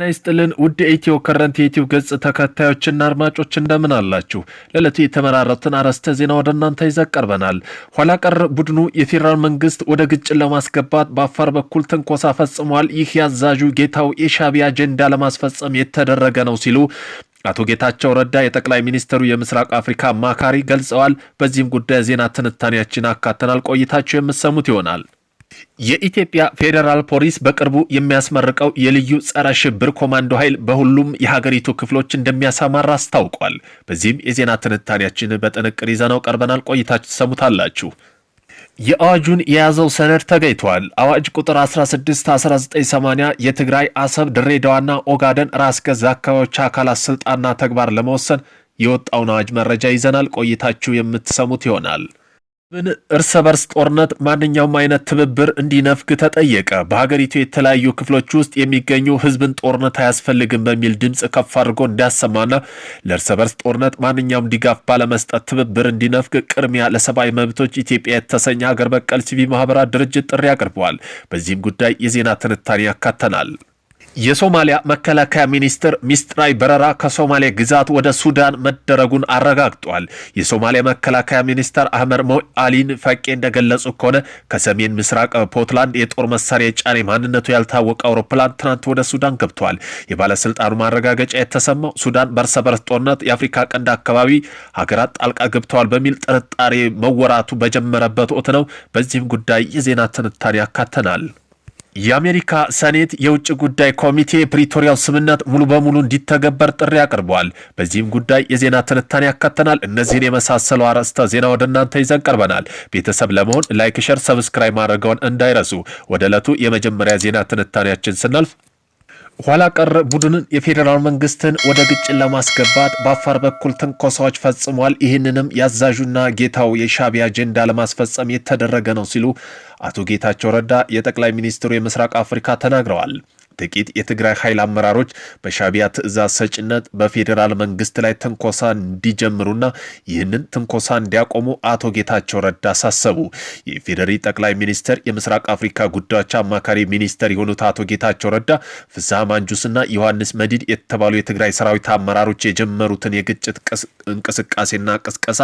ጤና ይስጥልን ውድ ኢትዮ ከረንት የኢትዮ ገጽ ተከታዮችና አድማጮች እንደምን አላችሁ? ለዕለቱ የተመራረትን አርዕስተ ዜና ወደ እናንተ ይዘን ቀርበናል። ኋላ ቀር ቡድኑ የፌዴራል መንግስት ወደ ግጭት ለማስገባት በአፋር በኩል ትንኮሳ ፈጽሟል፣ ይህ ያዛዡ ጌታው የሻቢ አጀንዳ ለማስፈጸም የተደረገ ነው ሲሉ አቶ ጌታቸው ረዳ የጠቅላይ ሚኒስትሩ የምስራቅ አፍሪካ አማካሪ ገልጸዋል። በዚህም ጉዳይ ዜና ትንታኔያችን አካተናል። ቆይታቸው የምሰሙት ይሆናል። የኢትዮጵያ ፌዴራል ፖሊስ በቅርቡ የሚያስመርቀው የልዩ ጸረ ሽብር ኮማንዶ ኃይል በሁሉም የሀገሪቱ ክፍሎች እንደሚያሰማራ አስታውቋል። በዚህም የዜና ትንታኔያችን በጥንቅር ይዘነው ቀርበናል። ቆይታችሁ ትሰሙታላችሁ። የአዋጁን የያዘው ሰነድ ተገኝቷል አዋጅ ቁጥር 16 1980 የትግራይ አሰብ፣ ድሬዳዋና ኦጋደን ራስ ገዝ አካባቢዎች አካላት ስልጣንና ተግባር ለመወሰን የወጣውን አዋጅ መረጃ ይዘናል። ቆይታችሁ የምትሰሙት ይሆናል። ምን እርስ በርስ ጦርነት ማንኛውም አይነት ትብብር እንዲነፍግ ተጠየቀ። በሀገሪቱ የተለያዩ ክፍሎች ውስጥ የሚገኙ ህዝብን ጦርነት አያስፈልግም በሚል ድምፅ ከፍ አድርጎ እንዲያሰማና ለእርስ በርስ ጦርነት ማንኛውም ድጋፍ ባለመስጠት ትብብር እንዲነፍግ ቅድሚያ ለሰብአዊ መብቶች ኢትዮጵያ የተሰኘ ሀገር በቀል ሲቪል ማህበራት ድርጅት ጥሪ አቅርበዋል። በዚህም ጉዳይ የዜና ትንታኔ ያካተናል። የሶማሊያ መከላከያ ሚኒስትር ሚስጥራዊ በረራ ከሶማሌ ግዛት ወደ ሱዳን መደረጉን አረጋግጧል። የሶማሊያ መከላከያ ሚኒስትር አህመድ ሞ አሊን ፈቄ እንደገለጹ ከሆነ ከሰሜን ምስራቅ ፖትላንድ የጦር መሳሪያ የጫነ ማንነቱ ያልታወቀ አውሮፕላን ትናንት ወደ ሱዳን ገብቷል። የባለስልጣኑ ማረጋገጫ የተሰማው ሱዳን በእርስ በርስ ጦርነት የአፍሪካ ቀንድ አካባቢ ሀገራት ጣልቃ ገብተዋል በሚል ጥርጣሬ መወራቱ በጀመረበት ወቅት ነው። በዚህም ጉዳይ የዜና ትንታኔ ያካተናል። የአሜሪካ ሰኔት የውጭ ጉዳይ ኮሚቴ ፕሪቶሪያው ስምነት ሙሉ በሙሉ እንዲተገበር ጥሪ አቅርበዋል። በዚህም ጉዳይ የዜና ትንታኔ ያካተናል። እነዚህን የመሳሰሉ አርዕስተ ዜና ወደ እናንተ ይዘን ቀርበናል። ቤተሰብ ለመሆን ላይክ፣ ሸር፣ ሰብስክራይብ ማድረገውን እንዳይረሱ። ወደ ዕለቱ የመጀመሪያ ዜና ትንታኔያችን ስናልፍ ኋላ ቀር ቡድንን የፌዴራል መንግስትን ወደ ግጭት ለማስገባት በአፋር በኩል ትንኮሳዎች ፈጽሟል። ይህንንም ያዛዡና ጌታው የሻቢያ አጀንዳ ለማስፈጸም የተደረገ ነው ሲሉ አቶ ጌታቸው ረዳ የጠቅላይ ሚኒስትሩ የምስራቅ አፍሪካ ተናግረዋል። ጥቂት የትግራይ ኃይል አመራሮች በሻቢያ ትእዛዝ ሰጭነት በፌዴራል መንግስት ላይ ትንኮሳ እንዲጀምሩና ይህንን ትንኮሳ እንዲያቆሙ አቶ ጌታቸው ረዳ አሳሰቡ። የኢፌዴሪ ጠቅላይ ሚኒስትር የምስራቅ አፍሪካ ጉዳዮች አማካሪ ሚኒስትር የሆኑት አቶ ጌታቸው ረዳ ፍስሐ ማንጁስና ዮሐንስ መዲድ የተባሉ የትግራይ ሰራዊት አመራሮች የጀመሩትን የግጭት እንቅስቃሴና ቅስቀሳ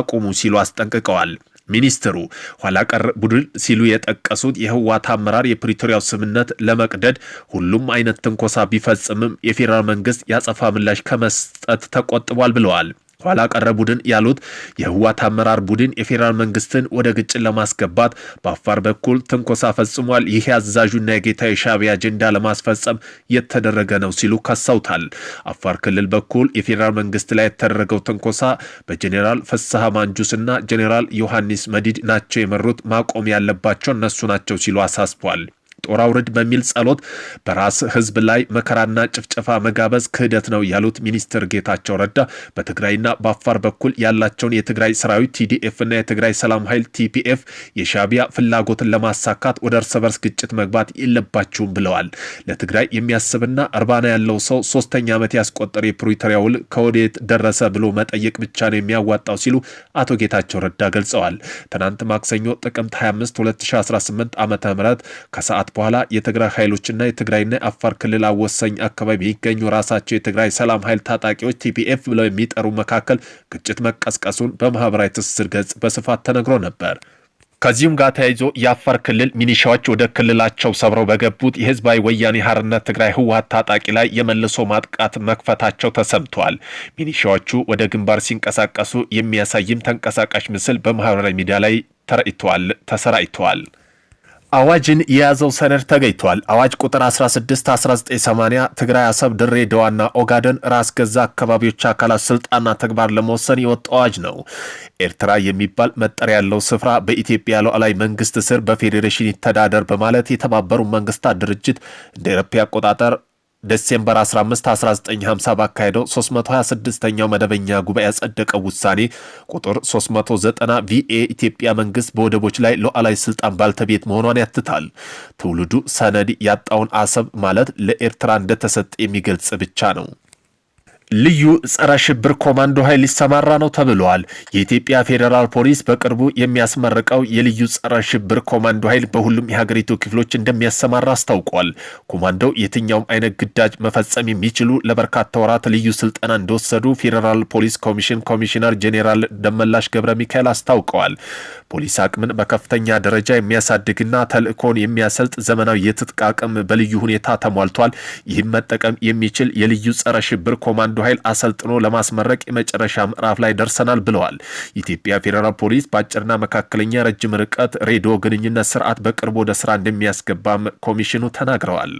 አቁሙ ሲሉ አስጠንቅቀዋል። ሚኒስትሩ ኋላ ቀር ቡድን ሲሉ የጠቀሱት የህወሓት አመራር የፕሪቶሪያው ስምምነት ለመቅደድ ሁሉም አይነት ትንኮሳ ቢፈጽምም የፌዴራል መንግስት ያጸፋ ምላሽ ከመስጠት ተቆጥቧል ብለዋል። ኋላ ቀረ ቡድን ያሉት የህዋት አመራር ቡድን የፌዴራል መንግስትን ወደ ግጭት ለማስገባት በአፋር በኩል ትንኮሳ ፈጽሟል። ይህ አዛዡና የጌታ የሻቢያ አጀንዳ ለማስፈጸም የተደረገ ነው ሲሉ ከሰውታል። አፋር ክልል በኩል የፌዴራል መንግስት ላይ የተደረገው ትንኮሳ በጄኔራል ፍስሐ ማንጁስና ጄኔራል ዮሐንስ መዲድ ናቸው የመሩት። ማቆም ያለባቸው እነሱ ናቸው ሲሉ አሳስቧል። ጦር አውርድ በሚል ጸሎት በራስ ህዝብ ላይ መከራና ጭፍጨፋ መጋበዝ ክህደት ነው ያሉት ሚኒስትር ጌታቸው ረዳ በትግራይና በአፋር በኩል ያላቸውን የትግራይ ሰራዊት ቲዲኤፍና የትግራይ ሰላም ኃይል ቲፒኤፍ የሻቢያ ፍላጎትን ለማሳካት ወደ እርስ በርስ ግጭት መግባት የለባችሁም ብለዋል። ለትግራይ የሚያስብና እርባና ያለው ሰው ሶስተኛ ዓመት ያስቆጠረ የፕሪቶሪያ ውል ከወዴት ደረሰ ብሎ መጠየቅ ብቻ ነው የሚያዋጣው ሲሉ አቶ ጌታቸው ረዳ ገልጸዋል። ትናንት ማክሰኞ ጥቅምት 25 2018 ዓ ም ከሰዓት በኋላ የትግራይ ኃይሎችና የትግራይና አፋር ክልል አወሰኝ አካባቢ የሚገኙ ራሳቸው የትግራይ ሰላም ኃይል ታጣቂዎች ቲፒኤፍ ብለው የሚጠሩ መካከል ግጭት መቀስቀሱን በማህበራዊ ትስስር ገጽ በስፋት ተነግሮ ነበር። ከዚሁም ጋር ተያይዞ የአፋር ክልል ሚኒሻዎች ወደ ክልላቸው ሰብረው በገቡት የህዝባዊ ወያኔ ሀርነት ትግራይ ህወሀት ታጣቂ ላይ የመልሶ ማጥቃት መክፈታቸው ተሰምተዋል። ሚኒሻዎቹ ወደ ግንባር ሲንቀሳቀሱ የሚያሳይም ተንቀሳቃሽ ምስል በማህበራዊ ሚዲያ ላይ ተሰራጭተዋል። አዋጅን የያዘው ሰነድ ተገኝቷል። አዋጅ ቁጥር 16 1980 ትግራይ፣ አሰብ፣ ድሬዳዋና ኦጋደን ራስ ገዛ አካባቢዎች አካላት ስልጣንና ተግባር ለመወሰን የወጣ አዋጅ ነው። ኤርትራ የሚባል መጠሪያ ያለው ስፍራ በኢትዮጵያ ሉዓላዊ መንግስት ስር በፌዴሬሽን ይተዳደር በማለት የተባበሩ መንግስታት ድርጅት እንደ አውሮፓ አቆጣጠር ዲሴምበር 15 1950 ባካሄደው 326ኛው መደበኛ ጉባኤ ያጸደቀው ውሳኔ ቁጥር 390 ቪኤ ኢትዮጵያ መንግስት በወደቦች ላይ ሉዓላዊ ስልጣን ባልተቤት መሆኗን ያትታል። ትውልዱ ሰነድ ያጣውን አሰብ ማለት ለኤርትራ እንደተሰጠ የሚገልጽ ብቻ ነው። ልዩ ጸረ ሽብር ኮማንዶ ኃይል ሊሰማራ ነው ተብሏል። የኢትዮጵያ ፌዴራል ፖሊስ በቅርቡ የሚያስመርቀው የልዩ ጸረ ሽብር ኮማንዶ ኃይል በሁሉም የሀገሪቱ ክፍሎች እንደሚያሰማራ አስታውቋል። ኮማንዶው የትኛውም አይነት ግዳጅ መፈጸም የሚችሉ ለበርካታ ወራት ልዩ ስልጠና እንደወሰዱ ፌዴራል ፖሊስ ኮሚሽን ኮሚሽነር ጄኔራል ደመላሽ ገብረ ሚካኤል አስታውቀዋል። ፖሊስ አቅምን በከፍተኛ ደረጃ የሚያሳድግና ተልእኮን የሚያሰልጥ ዘመናዊ የትጥቅ አቅም በልዩ ሁኔታ ተሟልቷል። ይህም መጠቀም የሚችል የልዩ ጸረ ሽብር ኮማንዶ እያንዳንዱ ኃይል አሰልጥኖ ለማስመረቅ የመጨረሻ ምዕራፍ ላይ ደርሰናል ብለዋል። የኢትዮጵያ ፌዴራል ፖሊስ በአጭርና መካከለኛ ረጅም ርቀት ሬዲዮ ግንኙነት ስርዓት በቅርቡ ወደ ስራ እንደሚያስገባም ኮሚሽኑ ተናግረዋል።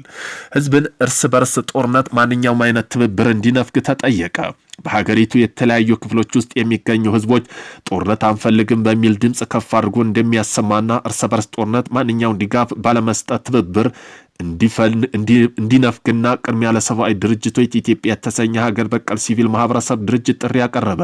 ህዝብን እርስ በርስ ጦርነት ማንኛውም አይነት ትብብር እንዲነፍግ ተጠየቀ። በሀገሪቱ የተለያዩ ክፍሎች ውስጥ የሚገኙ ህዝቦች ጦርነት አንፈልግም በሚል ድምፅ ከፍ አድርጎ እንደሚያሰማና እርስ በርስ ጦርነት ማንኛውን ድጋፍ ባለመስጠት ትብብር እንዲነፍግና ቅድሚያ ለሰብአዊ ድርጅቶች ኢትዮጵያ የተሰኘ ሀገር በቀል ሲቪል ማህበረሰብ ድርጅት ጥሪ ያቀረበ።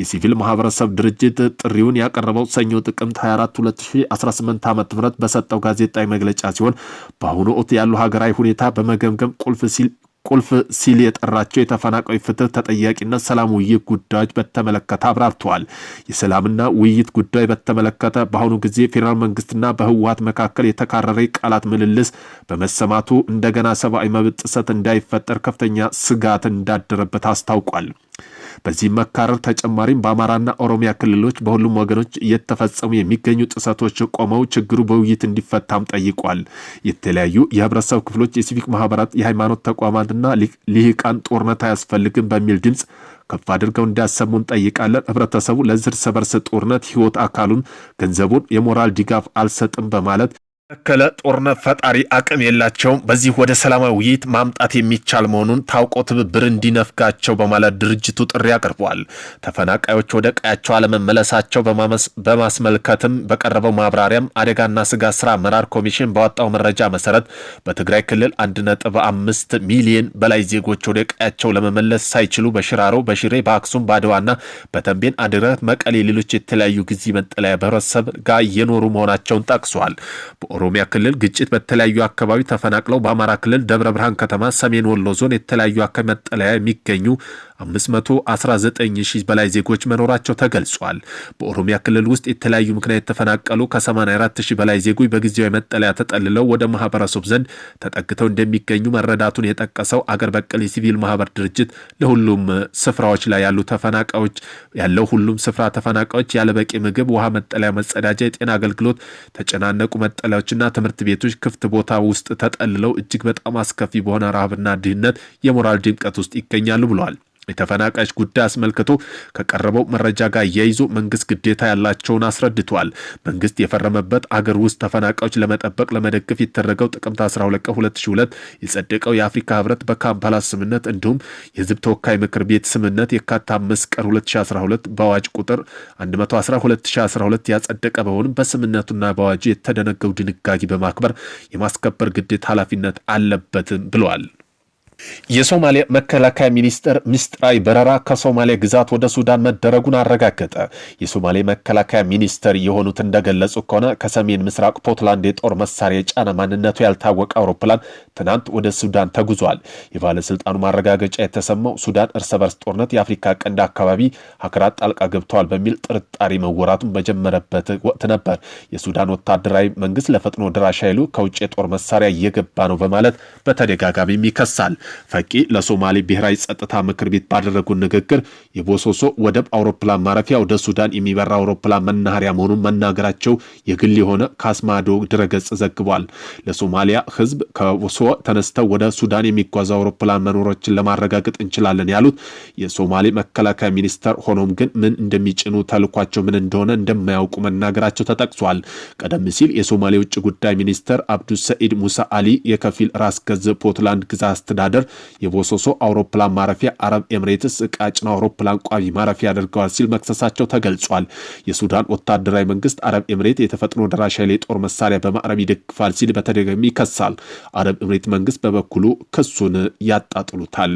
የሲቪል ማህበረሰብ ድርጅት ጥሪውን ያቀረበው ሰኞ ጥቅምት 24 2018 ዓ ም በሰጠው ጋዜጣዊ መግለጫ ሲሆን በአሁኑ ወቅት ያለው ሀገራዊ ሁኔታ በመገምገም ቁልፍ ሲል ቁልፍ ሲል የጠራቸው የተፈናቃይ ፍትህ ተጠያቂነት ሰላም ውይይት ጉዳዮች በተመለከተ አብራርተዋል። የሰላምና ውይይት ጉዳይ በተመለከተ በአሁኑ ጊዜ ፌዴራል መንግስትና በህወሀት መካከል የተካረረ ቃላት ምልልስ በመሰማቱ እንደገና ሰብአዊ መብት ጥሰት እንዳይፈጠር ከፍተኛ ስጋት እንዳደረበት አስታውቋል። በዚህም መካረር ተጨማሪም በአማራና ኦሮሚያ ክልሎች በሁሉም ወገኖች እየተፈጸሙ የሚገኙ ጥሰቶች ቆመው ችግሩ በውይይት እንዲፈታም ጠይቋል። የተለያዩ የህብረተሰብ ክፍሎች፣ የሲቪክ ማህበራት፣ የሃይማኖት ተቋማትና ሊህቃን ጦርነት አያስፈልግም በሚል ድምፅ ከፍ አድርገው እንዲያሰሙ እንጠይቃለን። ህብረተሰቡ ለዚህ በርስ ጦርነት ህይወት፣ አካሉን፣ ገንዘቡን፣ የሞራል ድጋፍ አልሰጥም በማለት ተከለ ጦርነት ፈጣሪ አቅም የላቸውም። በዚህ ወደ ሰላማዊ ውይይት ማምጣት የሚቻል መሆኑን ታውቆ ትብብር እንዲነፍጋቸው በማለት ድርጅቱ ጥሪ አቅርቧል። ተፈናቃዮች ወደ ቀያቸው አለመመለሳቸው በማስመልከትም በቀረበው ማብራሪያም አደጋና ስጋት ስራ አመራር ኮሚሽን ባወጣው መረጃ መሰረት በትግራይ ክልል 1.5 ሚሊዮን በላይ ዜጎች ወደ ቀያቸው ለመመለስ ሳይችሉ በሽራሮ፣ በሽሬ፣ በአክሱም፣ በአድዋና በተንቤን አድረት፣ መቀሌ፣ ሌሎች የተለያዩ ጊዜ መጠለያ በህብረተሰብ ጋር እየኖሩ መሆናቸውን ጠቅሷል። በኦሮሚያ ክልል ግጭት በተለያዩ አካባቢ ተፈናቅለው በአማራ ክልል ደብረ ብርሃን ከተማ፣ ሰሜን ወሎ ዞን የተለያዩ መጠለያ የሚገኙ 519 ሺህ በላይ ዜጎች መኖራቸው ተገልጿል። በኦሮሚያ ክልል ውስጥ የተለያዩ ምክንያት የተፈናቀሉ ከ84 ሺህ በላይ ዜጎች በጊዜያዊ መጠለያ ተጠልለው ወደ ማህበረሰቡ ዘንድ ተጠግተው እንደሚገኙ መረዳቱን የጠቀሰው አገር በቀል የሲቪል ማህበር ድርጅት ለሁሉም ስፍራዎች ላይ ያሉ ተፈናቃዮች ያለው ሁሉም ስፍራ ተፈናቃዮች ያለበቂ ምግብ፣ ውሃ፣ መጠለያ፣ መጸዳጃ፣ የጤና አገልግሎት ተጨናነቁ መጠለያዎችና ትምህርት ቤቶች ክፍት ቦታ ውስጥ ተጠልለው እጅግ በጣም አስከፊ በሆነ ረሃብና ድህነት የሞራል ድምቀት ውስጥ ይገኛሉ ብለዋል። የተፈናቃዮች ጉዳይ አስመልክቶ ከቀረበው መረጃ ጋር አያይዞ መንግስት ግዴታ ያላቸውን አስረድቷል። መንግስት የፈረመበት አገር ውስጥ ተፈናቃዮች ለመጠበቅ ለመደገፍ የተደረገው ጥቅምት 12 ቀን 2002 የጸደቀው የአፍሪካ ህብረት በካምፓላ ስምነት እንዲሁም የህዝብ ተወካይ ምክር ቤት ስምነት የካቲት 5 ቀን 2012 በአዋጅ ቁጥር 112/2012 ያጸደቀ በሆንም በስምነቱና በአዋጁ የተደነገው ድንጋጌ በማክበር የማስከበር ግዴታ ኃላፊነት አለበትም ብለዋል። የሶማሊያ መከላከያ ሚኒስቴር ምስጢራዊ በረራ ከሶማሊያ ግዛት ወደ ሱዳን መደረጉን አረጋገጠ። የሶማሌ መከላከያ ሚኒስቴር የሆኑት እንደገለጹ ከሆነ ከሰሜን ምስራቅ ፖትላንድ የጦር መሳሪያ የጫነ ማንነቱ ያልታወቀ አውሮፕላን ትናንት ወደ ሱዳን ተጉዟል። የባለስልጣኑ ማረጋገጫ የተሰማው ሱዳን እርስ በርስ ጦርነት የአፍሪካ ቀንድ አካባቢ ሀገራት ጣልቃ ገብተዋል በሚል ጥርጣሬ መወራቱን በጀመረበት ወቅት ነበር። የሱዳን ወታደራዊ መንግስት ለፈጥኖ ድራሻ ኃይሉ ከውጭ የጦር መሳሪያ እየገባ ነው በማለት በተደጋጋሚ ይከሳል። ፈቂ ለሶማሌ ብሔራዊ ጸጥታ ምክር ቤት ባደረጉት ንግግር የቦሶሶ ወደብ አውሮፕላን ማረፊያ ወደ ሱዳን የሚበራ አውሮፕላን መናኸሪያ መሆኑን መናገራቸው የግል የሆነ ካስማዶ ድረገጽ ዘግቧል። ለሶማሊያ ህዝብ ከቦሶ ተነስተው ወደ ሱዳን የሚጓዙ አውሮፕላን መኖሮችን ለማረጋገጥ እንችላለን ያሉት የሶማሌ መከላከያ ሚኒስተር፣ ሆኖም ግን ምን እንደሚጭኑ ተልኳቸው ምን እንደሆነ እንደማያውቁ መናገራቸው ተጠቅሷል። ቀደም ሲል የሶማሌ ውጭ ጉዳይ ሚኒስተር አብዱሰኢድ ሙሳ አሊ የከፊል ራስ ገዝ ፖትላንድ ግዛት አስተዳደር ሴክተር የቦሶሶ አውሮፕላን ማረፊያ አረብ ኤምሬትስ እቃጭና አውሮፕላን ቋሚ ማረፊያ አድርገዋል ሲል መክሰሳቸው ተገልጿል። የሱዳን ወታደራዊ መንግስት አረብ ኤምሬት የተፈጥኖ ደራሽ ኃይል የጦር መሳሪያ በማዕረብ ይደግፋል ሲል በተደጋጋሚ ይከሳል። አረብ ኤምሬት መንግስት በበኩሉ ክሱን ያጣጥሉታል።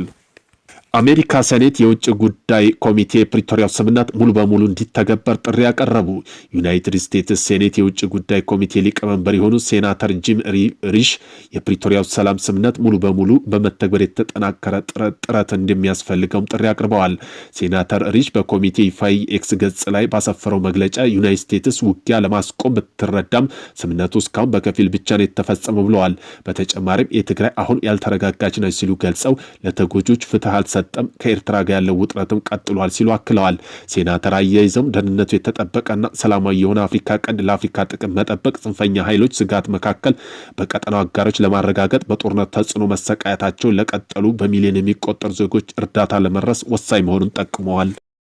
አሜሪካ ሴኔት የውጭ ጉዳይ ኮሚቴ ፕሪቶሪያው ስምምነት ሙሉ በሙሉ እንዲተገበር ጥሪ ያቀረቡ ዩናይትድ ስቴትስ ሴኔት የውጭ ጉዳይ ኮሚቴ ሊቀመንበር የሆኑ ሴናተር ጂም ሪሽ የፕሪቶሪያው ሰላም ስምምነት ሙሉ በሙሉ በመተግበር የተጠናከረ ጥረት እንደሚያስፈልገውም ጥሪ አቅርበዋል። ሴናተር ሪሽ በኮሚቴ ይፋይ ኤክስ ገጽ ላይ ባሰፈረው መግለጫ ዩናይትድ ስቴትስ ውጊያ ለማስቆም ብትረዳም ስምምነቱ እስካሁን በከፊል ብቻ ነው የተፈጸመ ብለዋል። በተጨማሪም የትግራይ አሁን ያልተረጋጋች ነች ሲሉ ገልጸው ለተጎጆች ፍትህ አልሰ ቢሰጠም ከኤርትራ ጋር ያለው ውጥረትም ቀጥሏል ሲሉ አክለዋል። ሴናተር አያይዘውም ደህንነቱ የተጠበቀና ሰላማዊ የሆነ አፍሪካ ቀንድ ለአፍሪካ ጥቅም መጠበቅ ጽንፈኛ ኃይሎች ስጋት መካከል በቀጠናው አጋሮች ለማረጋገጥ በጦርነት ተጽዕኖ መሰቃየታቸው ለቀጠሉ በሚሊዮን የሚቆጠሩ ዜጎች እርዳታ ለመድረስ ወሳኝ መሆኑን ጠቅመዋል።